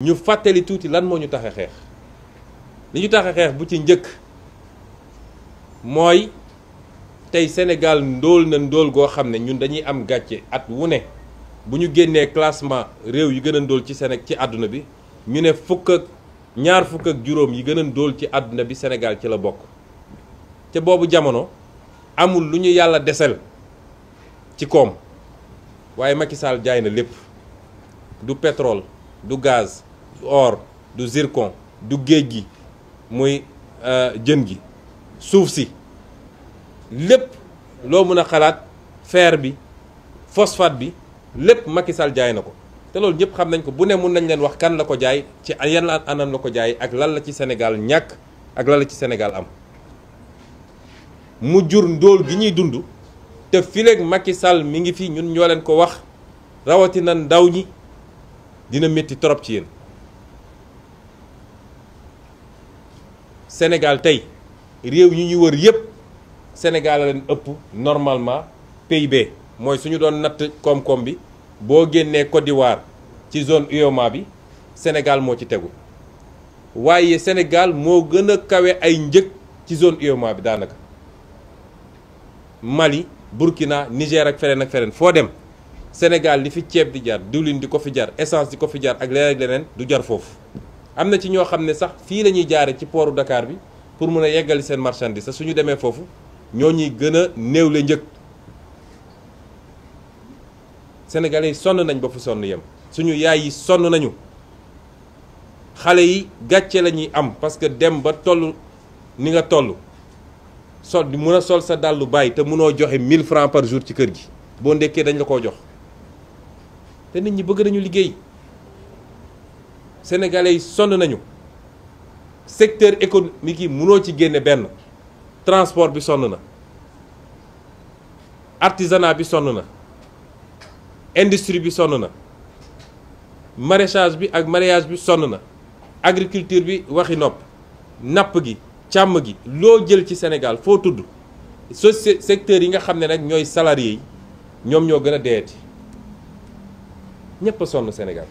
ñu fàttali tuuti lan moo ñu tax xeex li ñu tax a xeex bu ci njëkk mooy tey senegal ndóol na ndóol goo xam ne ñun dañuy am gàcce at wu ne bu ñu génnee classement réew yi gën a ci Sénégal ci àdduna bi ñu ne fukk ak ñaar ci àdduna bi Sénégal ci la bokk te boobu jamono amul lu ñu yàlla desel ci koom waaye Macky jaay na lépp du pétrole du gaaz or du zircon du géej gi muy euh, jën gi suuf si lépp loo mën a xalaat fer bi phosphate bi lépp Macky sal jaay na ko te loolu ñëpp xam nañ ko bu ne mun nañ leen wax kan la ko jaay ci yan anan la ko jaay ak lan la ci senegal ñàkk ak lan ci senegal am mu jur ndóol gi ñuy dund te fileeg Macky Sall mi ngi fi ñun ñoo leen ko wax rawatina ndaw ñi dina métti trop ci yéen. Sénégal tey réew yi ñu wër yépp Sénégal ëpp normalement PIB mooy suñu doon natt koom-koom bi boo génnee Côte ci zone UEMOA bi Sénégal moo ci tegu waaye Sénégal moo gën a kawe ay njëg ci zone UEMOA bi daanaka Mali Burkina Niger ak feneen ak fereen foo dem Sénégal li fi ceeb di jar diwlin di ko fi jar essence di ko fi jar ak leneen ak leneen du jar foofu am na ci ñoo xam ne sax fii lañuy ñuy jaare ci pooru dakaar bi pour mun a yeggali seen marchandise sa suñu demee foofu ñoo ñuy gën a néewle njëg sénégalais yi sonn nañ ba fu sonn yem suñu yaay yi sonn nañu xale yi gàcce la ñuy am parce que dem ba toll ni nga toll sol mun a sol sa dàllu bàyyi te munoo joxe 1000 francs par jour ci kër gi boo ndekkee dañ la koo jox te nit ñi bëgg nañu liggéey sénégalais yi sonn nañu secteur économique yi munoo ci génne benn transport bi sonn na artisanat bi sonn na industrie bi sonn na maraîchage bi ak maraîchage bi sonn na agriculture bi waxi nopp napp gi càmm gi loo jël ci Sénégal foo tudd so secteurs yi nga xam ne nag ñooy salariés yi ñoom ñoo gën a deeti ñëpp a sonn Sénégal